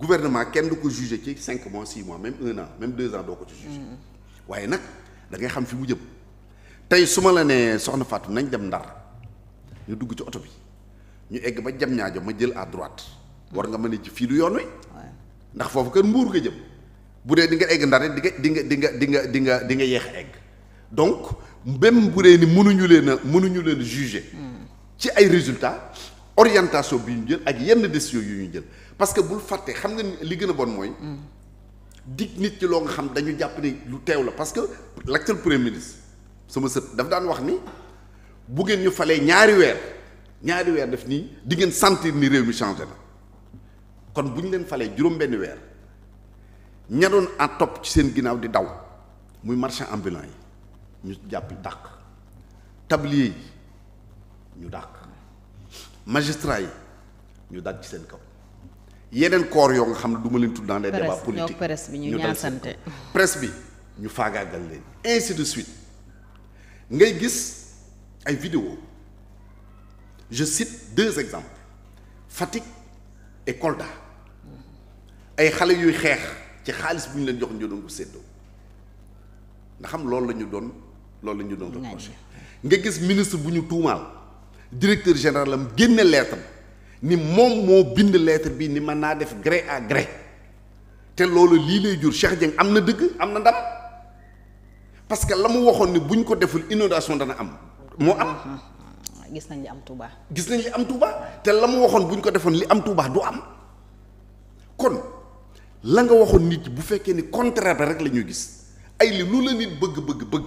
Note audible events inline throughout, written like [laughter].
gouvernement kenn du ko jugé ci cinq mois six mois même un an même deux ans doo ko ci jugé waaye nag da ngay xam fi mu jëm tey su ma la nee soxna Fatou nañ dem Ndar ñu dugg ci oto bi ñu egg ba jam ñaajo ma jël à droite war nga mën a ci fii lu yoon wi ndax foofu kër mbuur nga jëm bu dee di nga egg Ndar di nga di nga di nga di nga di dinga di nga yeex egg donc benn bu dee ni mënuñu leen mënuñu leen jugé hmm. ci ay résultats orientation bi ñu jël ak yenn décision yu ñu jël parce que bul fàtte xam nga li gën a bon mooy dig nit ci loo nga xam dañu jàpp ni lu teew la parce que l'actuel premier su ma sët daf daan wax ni bu ngeen ñu falee ñaari weer ñaari weer def nii di ngeen sentir ni réew mi changé na kon bu ñu leen falee juróom benn weer ña doon à topp ci seen ginnaaw di daw muy marchand ambulant yi ñu jàpp dàq tablier yi ñu dàq magistrats yi ñu dal ci seen kaw yeneen corps yoo nga xam ne duma ma leen tudd dans les débats politiques presse bi ñu ñaasante presse bi ñu faagaagal leen ainsi de suite ngay gis ay vidéo je cite deux exemples Fatick et Kolda ay xale yuy xeex ci xaalis bu ñu leen jox ñu doon ko séddoo nga xam loolu la ñu doon loolu la ñu doon reproché nga gis ministre bu ñu tuumaal directeur général am génne lettre ni moom moo bind lettre bi ni mën naa def gré à gré te loolu lii lay jur Cheikh Dieng am na dëgg am na ndam parce que la mu waxoon ni buñ ko deful inondation dana am moo am mm-hmm. gis nañ li am Touba. gis nañ li am Touba te la mu waxoon bu ko defoon li am Touba du am kon la nga waxoon nit bu fekkee ni contraire ba rek la ñuy gis ay li lu la nit bëgg bëgg bëgg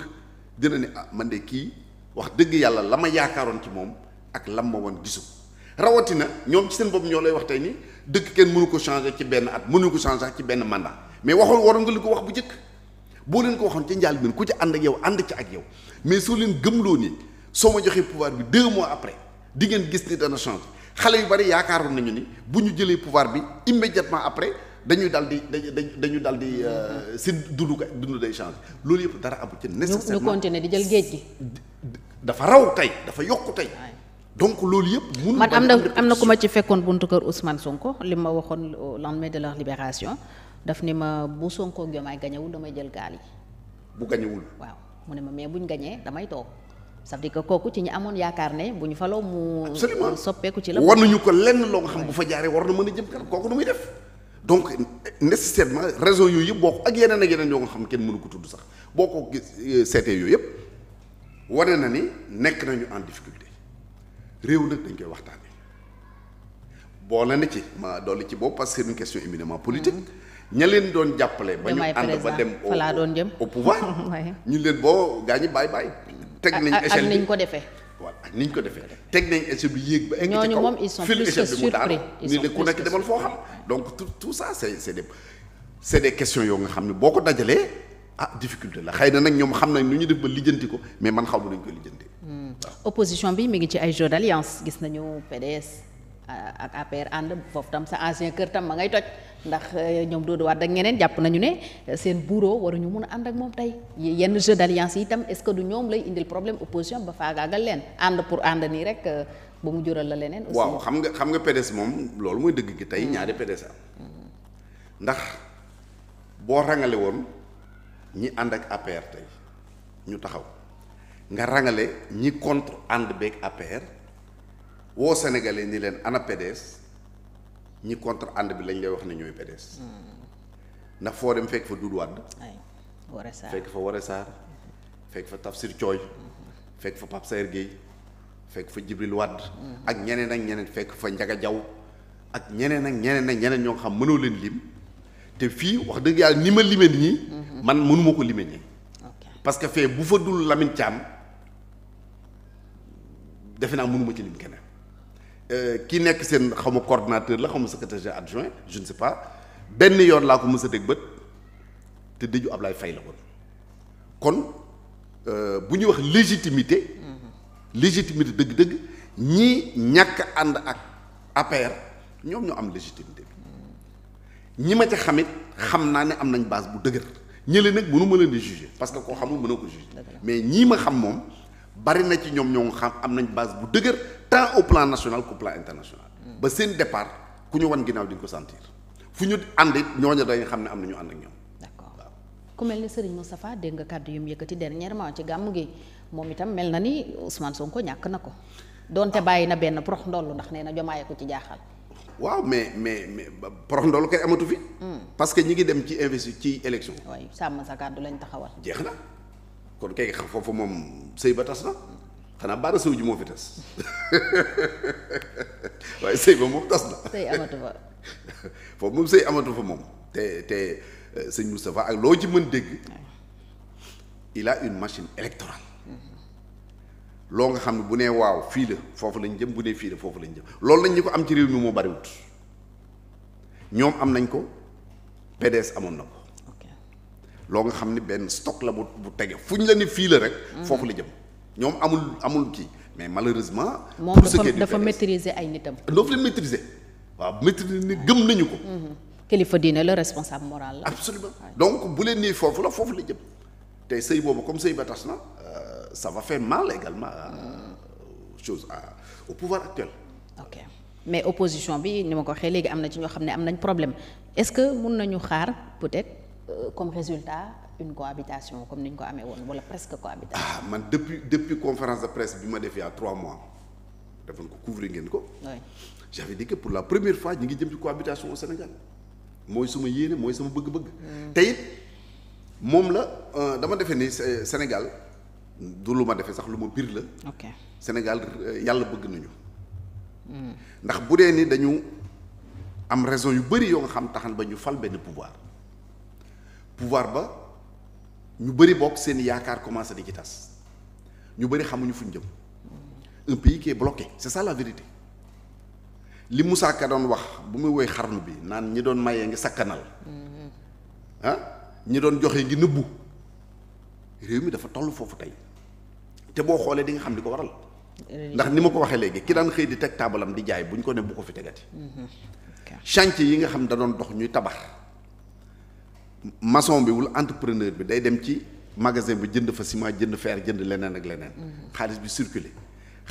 dina ne ah man de kii wax dëgg yàlla la ma yaakaaroon ci moom ak lam ma woon gisu rawatina ñoom ci seen bopp ñoo lay wax tey ni dëkk kenn mënu ko changer ci benn at mënu ko changer ci benn mandat mais waxoon waroon nga li ko wax bu njëkk boo leen ko waxoon ci njaal bi ku ci ànd ak yow ànd ci ak yow mais soo leen gëmloo ni soo ma joxee pouvoir bi deux mois après di ngeen gis ni dana changer xale yu bari yaakaaroon nañu ni bu ñu jëlee pouvoir bi immédiatement après dañuy daal di dañuy dañuy daal di euh, si dundu ko dundu day changer loolu yëpp dara abu ci nécessairement ñu continuer di jël géej gi. dafa raw tey dafa yokk tey. donc loolu yëpp. mun man am na am na ku ma ci fekkoon buntu kër Ousmane Sonko li ma waxoon au lendemain de la libération daf ne ma bu Sonko Diomaye gañewul damay jël gaal yi. bu gañewul waaw mu ne ma mais buñ gañee damay toog ça veut que kooku ci ñi amoon yaakaar ne bu ñu faloo mu. soppeeku ci la. war nañu ko lenn loo nga xam bu fa jaaree war na mën a jëm kanam kooku nu muy def. donc nécessairement raison yooyu yëpp boo ko ak yeneen ak yeneen yoo nga xam kenn mënu ko tudd sax boo ko euh, seetee yooyu yëpp na ni nekk nañu en réew nag dañ koy waxtaan waxtaanee boole na ci ma dolli ci boobu parce que c'est une question éminemment politique. Mm-hmm. ña leen doon jàppale. ba ñu ànd ba dem au au pouvoir. [laughs] ñu leen boo gaañi bàyyi bàyyi. teg nañ échelle bi ak ko defee. voilà ni ñu ko defee teg nañ échelle bi yéeg ba. egg ci kaw ñooñu moom ils sont ñu ne ku nekk xam. ne boo ko dajalee ah difficulté la xëy na nag ñoom xam nañ nu ñu def ba lijjanti ko mais man xaw ma nañ koy lijjanti. opposition bi mi ngi ci ay jeux d'alliance gis nañu PDS ak APR ànd foofu tam sa ancien kër tam ba ngay toj ndax eh, ñoom Dodo Wade ak ñeneen jàpp nañu ne eh, seen bureau ñu mun a ànd ak moom tey yenn jeu d'alliance yi tam est-ce que du ñoom lay indil problème opposition ba faagaagal leen ànd pour ànd nii rek eh, ba mu jural la leneen. waaw xam nga xam nga PDS moom loolu mooy dëgg gi tey hmm. ñaari PDS am ndax boo rangale woon ñi ànd ak APR tey ñu taxaw. nga rangale ñi contre ànd beeg APR woo sénégalais ni leen ana PDS ñi contre ànd bi lañ lay wax ne ñooy PDS. Mm. ndax foo dem fekk fa Doudou Wade. fekk fa Woré Sarr fekk fa Tafsir Thioye fekk fa Pape Saer Gueye fekk fa Djibril Wade mm. ak ñeneen ak ñeneen fekk fa Ndiaga Diaw ak ñeneen ak ñeneen ak ñeneen ñoo xam mënoo leen lim te fii wax dëgg yàlla ni ma lime nii mm-hmm. man mënuma ko lime nii parce que fee bu fa dul Lamine Thiam defe naa mënuma ci lim keneen euh, ki nekk seen xaw ma coordonnateur la xaw ma secrétaire adjoint je ne sais benn yoon laa ko mës a bët te dëju Ablaye fay la woon kon euh, bu ñuy wax légitimité légitimité dëgg-dëgg ñii ñàkk ànd ak APR ñoom ñoo am légitimité bi ñi ma ca xamit xam naa ne am nañ base bu dëgër ñële nag mënu ma leen di juger parce que koo xamul mënoo ko juger mais ñii ma xam moom bari na ci ñoom ñoo xam am nañ base bu dëgër tant au plan national qu'au plan international. Mm. ba seen départ ku ñu wan ginnaaw di nga ko sentir fu ñu ànd it ñooñu dañuy xam ne am na ñu ànd ak ñoom. d'accord ku mel ne Serigne Moustapha dégg nga kàddu yu mu yëkkati dernièrement ci gàmmu gi moom itam mel na ni Ousmane ko ñàkk na ko. donte ah. bàyyi na benn prox ndollu ndax nee na jomaay ko ci jaaxal. waaw mais mais mais prox ndollu kay amatu fi. Mm. parce que ñi ngi dem ci investi ci élection. waaye sàmm sa kàddu lañ taxawal. jeex na. kon kay foofu moom sëy ba tas na xanaa baara sëw ji moo fi tas [laughs] waaye sëy ba moom tas na. [laughs] foofu moom sëy amatu fa moom te te euh, sëñ Moustapha ak loo ci mën dégg il une machine électorale. loo nga xam ne bu nee waaw fii la foofu lañ jëm bu nee fii la foofu lañ jëm loolu lañ ñu ko am ci réew mi moo bariwut ñoom am nañ ko PDS amoon na ko loo nga xam ni benn stock la bu bu tege fu ñu la ni fii la rek. Mm-hmm. foofu la jëm ñoom amul amul kii mais malheureusement. moom ce qui dafa maîtriser ay nitam. doo fi maîtriser waaw maîtriser ni gëm nañu ko. Mm-hmm. kilifa diine la responsable moral la. absolument donc bu leen nii foofu la foofu la jëm te sëy boobu comme sëy ba tas na euh, ça va faire mal également mm-hmm. chose au pouvoir mais opposition bi ni ma ko waxee léegi am na ci ñoo xam ne am nañ problème est-ce que mun nañu xaar peut-être. Euh, comme résultat une cohabitation comme ni ñu ko amee woon wala presque cohabitation. ah man depuis depuis conférence de presse bi ma def yaa trois mois defoon ko couvrir ngeen ko. oui j'avais dit pour la première fois ñu ngi jëm ci cohabitation au Sénégal mooy suma yéene mooy sama bëgg-bëgg. Mm. te moom la euh, dama defee ni euh, Sénégal du lu ma defee sax lu ma biir la. ok Sénégal yàlla bëgg nañu. Mm. ndax bu dee ni dañu am raison yu bëri yoo nga xam taxan ba ñu fal benn pouvoir. pouvoir ba ñu bëri bokk seen yaakaar commencé di ci tas ñu bëri xamuñu fuñ jëm un pays qui est c'est ça la vérité li Moussa Ka doon wax bu muy woy xarnu bi naan ñi doon mayee ngi sakkanal mm-hmm. ah ñi doon joxe ngi nëbbu réew mi dafa toll foofu tey te boo xoolee di nga xam di ko waral ndax ni ma ko waxee léegi ki daan xëy di teg taabalam di jaay buñ ko ne bu ko fi tegati mm-hmm. chantier yi nga xam da doon dox ñuy tabax mason bi wul entrepreneur bi day dem ci magasin bi jënd fa ciment jënd fer jënd leneen ak leneen. Mm-hmm. xaalis bi circulé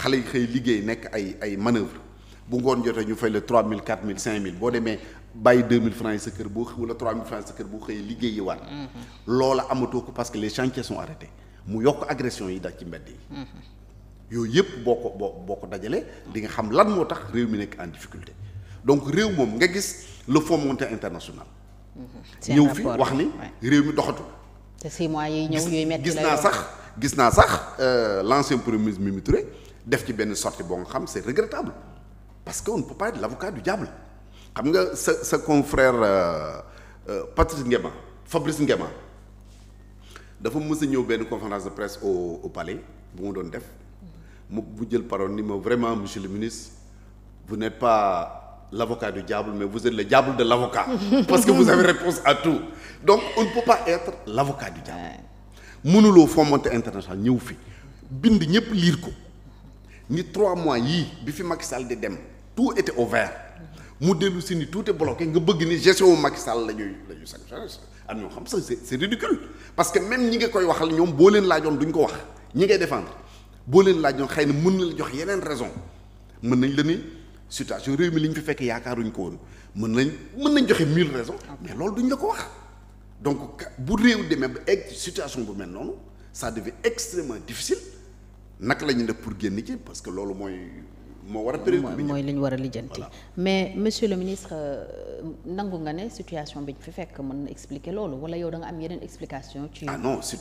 xale yi xëy liggéey nekk ay ay manœuvre bu ngoon jotee ñu fay la mille 4000 mille boo demee bàyyi 2000 francs yi sa kër boo wala 3000 francs sa kër boo xëyee liggéeyi waat. Mm-hmm. loola amatoo ko parce que les chantiers sont arrêtés mu yokk agression yi daj ci mbedd yi. Mm-hmm. yooyu yëpp boo ko boo boo ko dajalee di nga xam lan moo tax réew mi nekk en difficulté donc réew moom nga gis le Fonds monétaire ñëw fi wax ni réew mi doxatu. te six mois yi gis naa sax gis naa sax euh, l' ancien premier ministre def ci benn sortie boo nga xam c' est regrettable parce que on ne peut pas xam nga sa sa confrère euh, euh, Patrice Ngema Fabrice Ngema dafa mësa ñëw benn conférence de presse au palais bu ma doon def mu bu jël parole ni ma vraiment monsieur le ministre vous n'êtes pas l'avocat du diable, mais vous êtes le diable de l'avocat. [laughs] Parce que vous avez réponse à tout. Donc, on ne peut pas être l'avocat du diable. mënuloo Fonds monétaire ñëw fi bind ñëpp liir ko ni trois mois yii bi fi Macky Sall di dem tout était ouvert mu dellu si ni tout est nga bëgg ni gestion Macky Sall la ñuy la ñuy sanctionné am ñoo xam sax c'est ridicule parce que même ñi nga koy waxal ñoom boo leen laajoon duñ ko wax ñi ngay défendre boo leen laajoon xëy ne mën na la jox yeneen raison mën nañ la ni situation réew mi li ñu fi fekk yaakaaruñ ko woon mën nañ mën nañ joxe mille raisons mais loolu ñu la ko wax donc bu réew demee ba egg situation bu mel noonu ça devient extrêmement difficile naka la ñuy def pour génn ci parce que loolu mooy moo war a mooy li ñu war a lijjanti mais monsieur le ministre euh, nangu nga ne situation bi ñu fi fekk mën na expliquer loolu wala yow da am yeneen explication ci ah